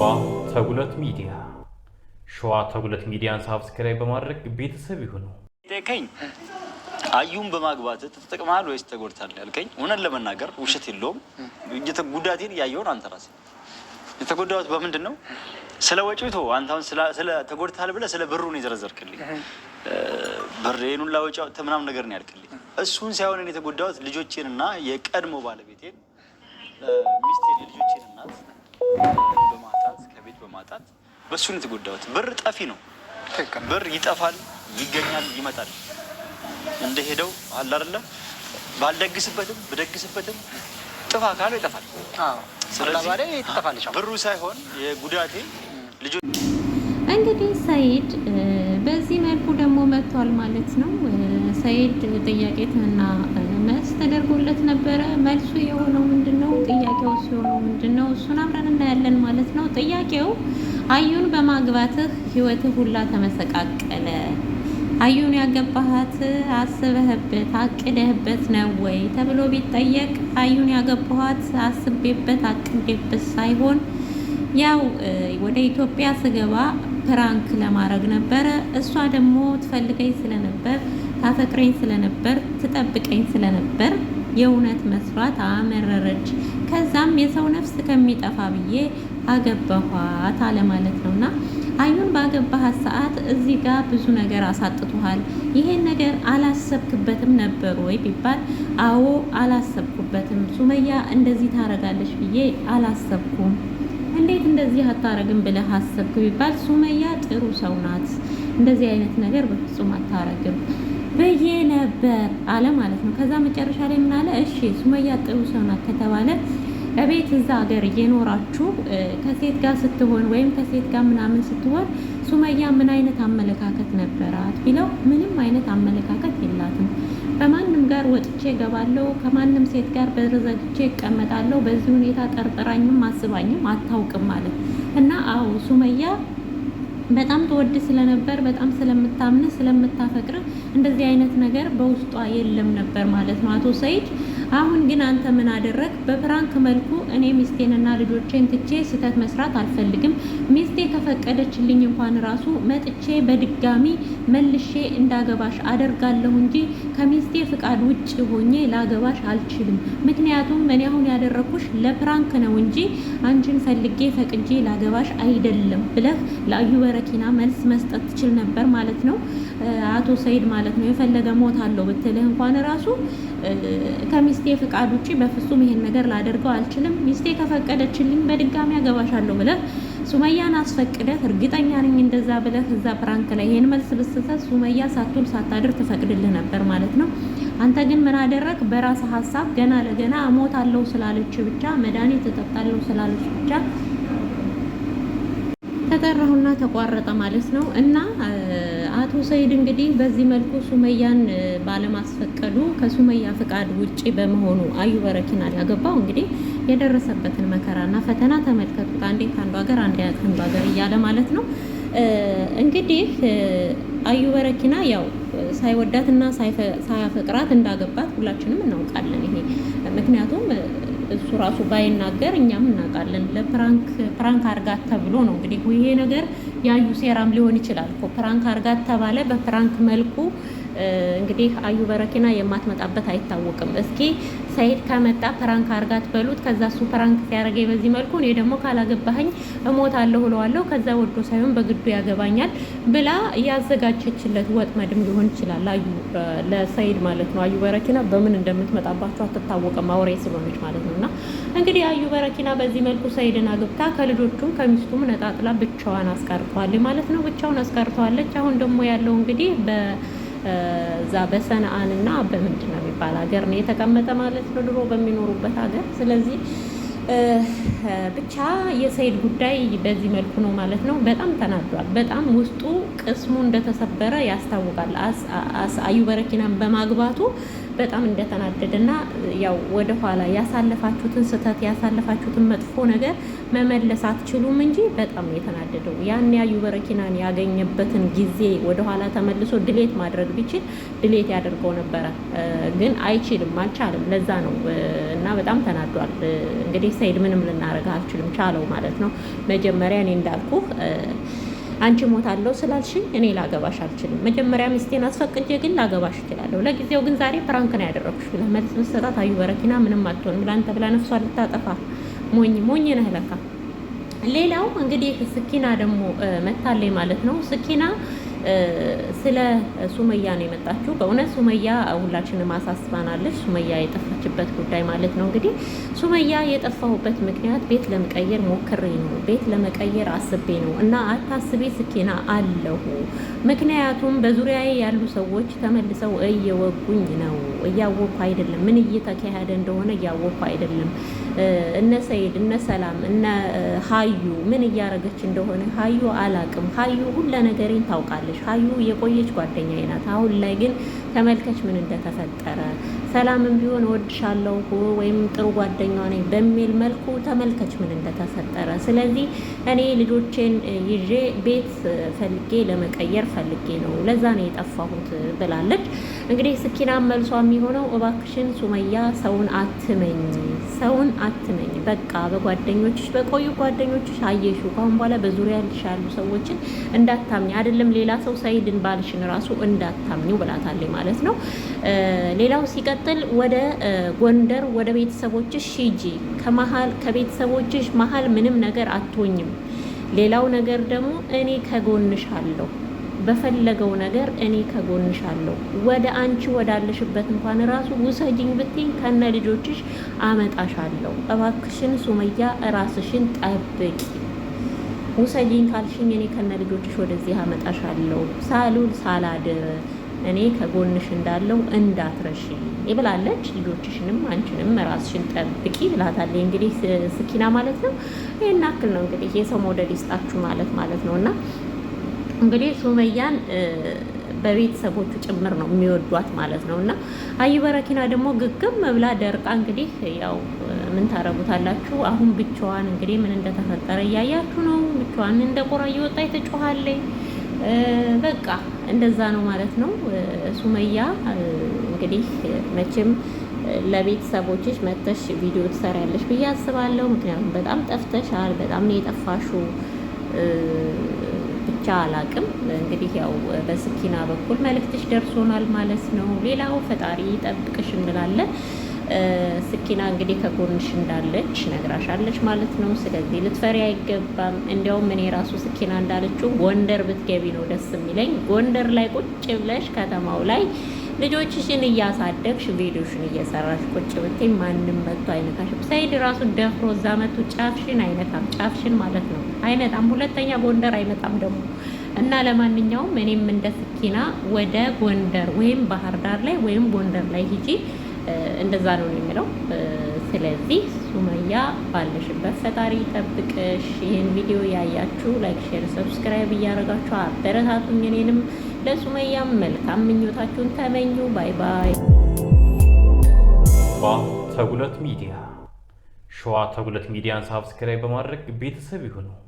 አባ ተጉለት ሚዲያ ሸዋ ተጉለት ሚዲያን ሳብስክራይብ በማድረግ ቤተሰብ ይሁኑ። ጠይቀኝ አዩን በማግባት ተጠቅመሃል ወይስ ተጎድታል ያልከኝ፣ እውነት ለመናገር ውሸት የለውም ጉዳቴን እያየውን አንተ ራስህ የተጎዳሁት በምንድን ነው? ስለ ወጪው ተወው። አንተ አሁን ስለ ተጎድታል ብለህ ስለ ብሩ ነው የዘረዘርክልኝ። ብር ይሄን ሁላ ወጪ አውጥተህ ምናምን ነገር ነው ያልክልኝ። እሱን ሳይሆን እኔ የተጎዳሁት ልጆቼንና የቀድሞ ባለቤቴን ሚስቴን የልጆቼን እናት በማ በእሱ ነው የተጎዳሁት። ብር ጠፊ ነው። ብር ይጠፋል፣ ይገኛል፣ ይመጣል። እንደሄደው አለ አይደለ? ባልደግስበትም ብደግስበትም ጥፋ ካለው ይጠፋል። ስለዚህ ብሩ ሳይሆን የጉዳቴ ልጆ እንግዲህ ሰይድ በዚህ መልኩ ደግሞ መጥቷል ማለት ነው። ሰኢድ ጥያቄትና መልስ ተደርጎለት ነበረ። መልሱ የሆነው ምንድን ነው? ጥያቄው ሲሆነው ምንድን ነው? እሱን አብረን እናያለን ማለት ነው። ጥያቄው አዩን በማግባትህ ህይወትህ ሁላ ተመሰቃቀለ። አዩን ያገባሃት አስበህበት አቅደህበት ነው ወይ ተብሎ ቢጠየቅ አዩን ያገባኋት አስቤበት አቅዴበት ሳይሆን ያው ወደ ኢትዮጵያ ስገባ ፕራንክ ለማድረግ ነበረ። እሷ ደግሞ ትፈልገኝ ስለነበር ታፈቅረኝ ስለነበር ትጠብቀኝ ስለነበር የእውነት መስራት አመረረች። ከዛም የሰው ነፍስ ከሚጠፋ ብዬ አገባኋት አለ ማለት ነው። እና አዩን ባገባሃት ሰዓት እዚህ ጋር ብዙ ነገር አሳጥቶሃል። ይሄን ነገር አላሰብክበትም ነበር ወይ ቢባል፣ አዎ አላሰብኩበትም። ሱመያ እንደዚህ ታረጋለች ብዬ አላሰብኩም። እንዴት እንደዚህ አታረግም ብለህ አሰብክ ቢባል፣ ሱመያ ጥሩ ሰው ናት፣ እንደዚህ አይነት ነገር በፍጹም አታረግም ብዬ ነበር አለ ማለት ነው። ከዛ መጨረሻ ላይ ምናለ፣ እሺ ሱመያ ጥሩ ሰው ናት ከተባለ እቤት እዛ ሀገር እየኖራችሁ ከሴት ጋር ስትሆን ወይም ከሴት ጋር ምናምን ስትሆን ሱመያ ምን አይነት አመለካከት ነበራት ቢለው ምንም አይነት አመለካከት የላትም። ከማንም ጋር ወጥቼ እገባለሁ፣ ከማንም ሴት ጋር በር ዘግቼ እቀመጣለሁ። በዚህ ሁኔታ ጠርጥራኝም አስባኝም አታውቅም ማለት እና አዎ ሱመያ በጣም ትወድ ስለነበር በጣም ስለምታምን ስለምታፈቅር እንደዚህ አይነት ነገር በውስጧ የለም ነበር ማለት ነው አቶ ሰይድ አሁን ግን አንተ ምን አደረግ? በፕራንክ መልኩ እኔ ሚስቴንና ልጆቼን ትቼ ስህተት መስራት አልፈልግም። ሚስቴ ከፈቀደችልኝ እንኳን ራሱ መጥቼ በድጋሚ መልሼ እንዳገባሽ አደርጋለሁ እንጂ ከሚስቴ ፍቃድ ውጭ ሆኜ ላገባሽ አልችልም። ምክንያቱም እኔ አሁን ያደረግኩሽ ለፕራንክ ነው እንጂ አንቺን ፈልጌ ፈቅጄ ላገባሽ አይደለም ብለህ ለአዩ በረኪና መልስ መስጠት ትችል ነበር ማለት ነው። አቶ ሰይድ ማለት ነው የፈለገ ሞት አለው ብትልህ እንኳን ራሱ ከሚስቴ ፍቃድ ውጭ በፍጹም ይሄን ነገር ላደርገው አልችልም። ሚስቴ ከፈቀደችልኝ በድጋሚ አገባሻለሁ ብለህ ሱመያን አስፈቅደህ እርግጠኛ ነኝ እንደዛ ብለህ እዛ ፕራንክ ላይ ይሄን መልስ ብትሰጥ ሱመያ ሳትውል ሳታድር ትፈቅድልህ ነበር ማለት ነው። አንተ ግን ምን አደረግ? በራስ ሀሳብ ገና ለገና እሞታለሁ ስላለች ብቻ መድኃኒት እጠጣለሁ ስላለች ብቻ ተጠራሁና ተቋረጠ ማለት ነው እና አቶ ሰይድ እንግዲህ በዚህ መልኩ ሱመያን ባለማስፈቀዱ ከሱመያ ፍቃድ ውጪ በመሆኑ አዩ በረኪን ያገባው እንግዲህ የደረሰበትን መከራና ፈተና ተመልከቱት። አንዴ ከአንዱ ሀገር አንዴ ከአንዱ ሀገር እያለ ማለት ነው። እንግዲህ አዩ በረኪና ያው ሳይወዳትና ሳያፈቅራት እንዳገባት ሁላችንም እናውቃለን። ይሄ ምክንያቱም እሱ ራሱ ባይናገር እኛም እናውቃለን። ለፕራንክ ፕራንክ አርጋት ተብሎ ነው እንግዲህ ይሄ ነገር ያዩ ሴራም ሊሆን ይችላል ፕራንክ አርጋት ተባለ። በፕራንክ መልኩ እንግዲህ አዩ በረኪና የማትመጣበት አይታወቅም። እስኪ ሰይድ ከመጣ ፕራንክ አርጋት በሉት። ከዛ እሱ ፕራንክ ሲያደርገኝ በዚህ መልኩ እኔ ደግሞ ካላገባኸኝ እሞታለሁ እለዋለሁ፣ ከዛ ወዶ ሳይሆን በግዱ ያገባኛል ብላ ያዘጋጀችለት ወጥመድም ሊሆን ይችላል። አዩ ለሰይድ ማለት ነው። አዩ በረኪና በምን እንደምትመጣባቸው አትታወቅም፣ አውሬ ስለሆነች ማለት ነው። እና እንግዲህ አዩ በረኪና በዚህ መልኩ ሰይድን አግብታ ከልጆቹም ከሚስቱም ነጣጥላ ብቻዋን አስቀርተዋለች ማለት ነው። ብቻውን አስቀርተዋለች። አሁን ደግሞ ያለው እንግዲህ በዛ በሰንአንና በምንድን ነው የሚባል ሀገር ነው የተቀመጠ ማለት ነው ድሮ በሚኖሩበት ሀገር። ስለዚህ ብቻ የሰይድ ጉዳይ በዚህ መልኩ ነው ማለት ነው። በጣም ተናዷል። በጣም ውስጡ ቅስሙ እንደተሰበረ ያስታውቃል። አዩ በረኪናን በማግባቱ በጣም እንደተናደደ እና ያው ወደኋላ ያሳለፋችሁትን ስህተት ያሳለፋችሁትን መጥፎ ነገር መመለስ አትችሉም እንጂ በጣም የተናደደው ያን ያዩ በረኪናን ያገኘበትን ጊዜ ወደኋላ ተመልሶ ድሌት ማድረግ ቢችል ድሌት ያደርገው ነበረ፣ ግን አይችልም፣ አልቻልም። ለዛ ነው እና በጣም ተናዷል እንግዲህ ሰይድ ምንም ልናደርግ አልችልም ቻለው ማለት ነው። መጀመሪያ እኔ እንዳልኩ አንቺ ሞታለሁ ስላልሽኝ እኔ ላገባሽ አልችልም። መጀመሪያ ሚስቴን አስፈቅጄ ግን ላገባሽ እችላለሁ። ለጊዜው ግን ዛሬ ፕራንክ ነው ያደረግሽ ብላ መልስ መሰጣት አዩ በረኪና ምንም አትሆንም ለአንተ ብላ ነፍሷ ልታጠፋ ሞኝ ሞኝ ነህ ለካ። ሌላው እንግዲህ ስኪና ደግሞ መታለይ ማለት ነው ስኪና ስለ ሱመያ ነው የመጣችው። በእውነት ሱመያ ሁላችንም አሳስባናለች። ሱመያ የጠፋችበት ጉዳይ ማለት ነው እንግዲህ ሱመያ የጠፋሁበት ምክንያት ቤት ለመቀየር ሞክሬ ነው፣ ቤት ለመቀየር አስቤ ነው እና አታስቤ ስኬና አለሁ። ምክንያቱም በዙሪያዬ ያሉ ሰዎች ተመልሰው እየወጉኝ ነው። እያወኩ አይደለም፣ ምን እየተካሄደ እንደሆነ እያወኩ አይደለም። እነ ሰይድ እነ ሰላም እነ ሀዩ ምን እያረገች እንደሆነ ሀዩ አላቅም። ሀዩ ሁለ ነገሬን ታውቃለች። ሀዩ የቆየች ጓደኛዬ ናት። አሁን ላይ ግን ተመልከች ምን እንደተፈጠረ። ሰላምም ቢሆን እወድሻለሁ ወይም ጥሩ ጓደኛ ነኝ በሚል መልኩ ተመልከች ምን እንደተፈጠረ። ስለዚህ እኔ ልጆቼን ይዤ ቤት ፈልጌ ለመቀየር ፈልጌ ነው፣ ለዛ ነው የጠፋሁት ብላለች። እንግዲህ ስኪና መልሷ የሚሆነው እባክሽን ሱመያ ሰውን አትመኝ፣ ሰውን አትመኝ። በቃ በጓደኞችሽ በቆዩ ጓደኞችሽ አየሹ። ካሁን በኋላ በዙሪያ ያሉ ሰዎችን እንዳታምኝ፣ አይደለም ሌላ ሰው ሰይድን ባልሽን ራሱ እንዳታምኙ ብላታለች። ማለት ነው። ሌላው ሲቀጥል ወደ ጎንደር ወደ ቤተሰቦችሽ ሂጂ። ከመሀል ከቤተሰቦችሽ መሀል ምንም ነገር አትሆኝም። ሌላው ነገር ደግሞ እኔ ከጎንሽ አለሁ በፈለገው ነገር እኔ ከጎንሽ አለሁ። ወደ አንቺ ወዳለሽበት እንኳን ራሱ ውሰጅኝ ብትኝ ከነ ልጆችሽ አመጣሻለሁ። እባክሽን ሱመያ ራስሽን ጠብቂ። ውሰጅኝ ካልሽኝ እኔ ከነ ልጆችሽ ወደዚህ አለው ሳሉል ሳላድር እኔ ከጎንሽ እንዳለው እንዳትረሺ ይብላለች። ልጆችሽንም አንቺንም ራስሽን ጠብቂ ብላታለች። እንግዲህ ስኪና ማለት ነው። ይህን አክል ነው እንግዲህ የሰው መውደድ ይስጣችሁ ማለት ማለት ነው እና እንግዲህ ሱመያን በቤተሰቦቹ ጭምር ነው የሚወዷት ማለት ነው እና አዩበረኪና ደግሞ ግግም ብላ ደርቃ እንግዲህ ያው ምን ታረጉታላችሁ። አሁን ብቻዋን እንግዲህ ምን እንደተፈጠረ እያያችሁ ነው። ብቻዋን እንደ እየወጣ የተጮኋለኝ በቃ እንደዛ ነው ማለት ነው። ሱመያ እንግዲህ መቼም ለቤተሰቦችሽ መተሽ ቪዲዮ ትሰሪያለሽ ብዬ አስባለሁ። ምክንያቱም በጣም ጠፍተሻል፣ በጣም ነው ብቻ አላቅም እንግዲህ ያው በስኪና በኩል መልእክትሽ ደርሶናል ማለት ነው። ሌላው ፈጣሪ ጠብቅሽ እንላለን። ስኪና እንግዲህ ከጎንሽ እንዳለች ነግራሻለች ማለት ነው። ስለዚህ ልትፈሪ አይገባም። እንዲያውም እኔ ራሱ ስኪና እንዳለችው ጎንደር ብትገቢ ነው ደስ የሚለኝ። ጎንደር ላይ ቁጭ ብለሽ ከተማው ላይ ልጆችሽን እያሳደግሽ ቪዲዮሽን እየሰራሽ ቁጭ ብትይ ማንም መጥቶ አይነካሽም። ሰይድ ራሱ ደፍሮ እዛ መቱ ጫፍሽን አይነካም። ጫፍሽን ማለት ነው አይነጣም። ሁለተኛ ጎንደር አይመጣም ደግሞ እና ለማንኛውም እኔም እንደ ስኪና ወደ ጎንደር ወይም ባህር ዳር ላይ ወይም ጎንደር ላይ ሂጂ እንደዛ ነው የሚለው። ስለዚህ ሱመያ ባለሽበት ፈጣሪ ጠብቅሽ። ይህን ቪዲዮ ያያችሁ ላይክ፣ ሼር፣ ሰብስክራይብ እያደረጋችሁ አበረታቱኝ። እኔንም ለሱመያም መልካም ምኞታችሁን ተመኙ። ባይ ባይ። ተጉለት ሚዲያ ሸዋ ተጉለት ሚዲያን ሳብስክራይብ በማድረግ ቤተሰብ ይሁነው።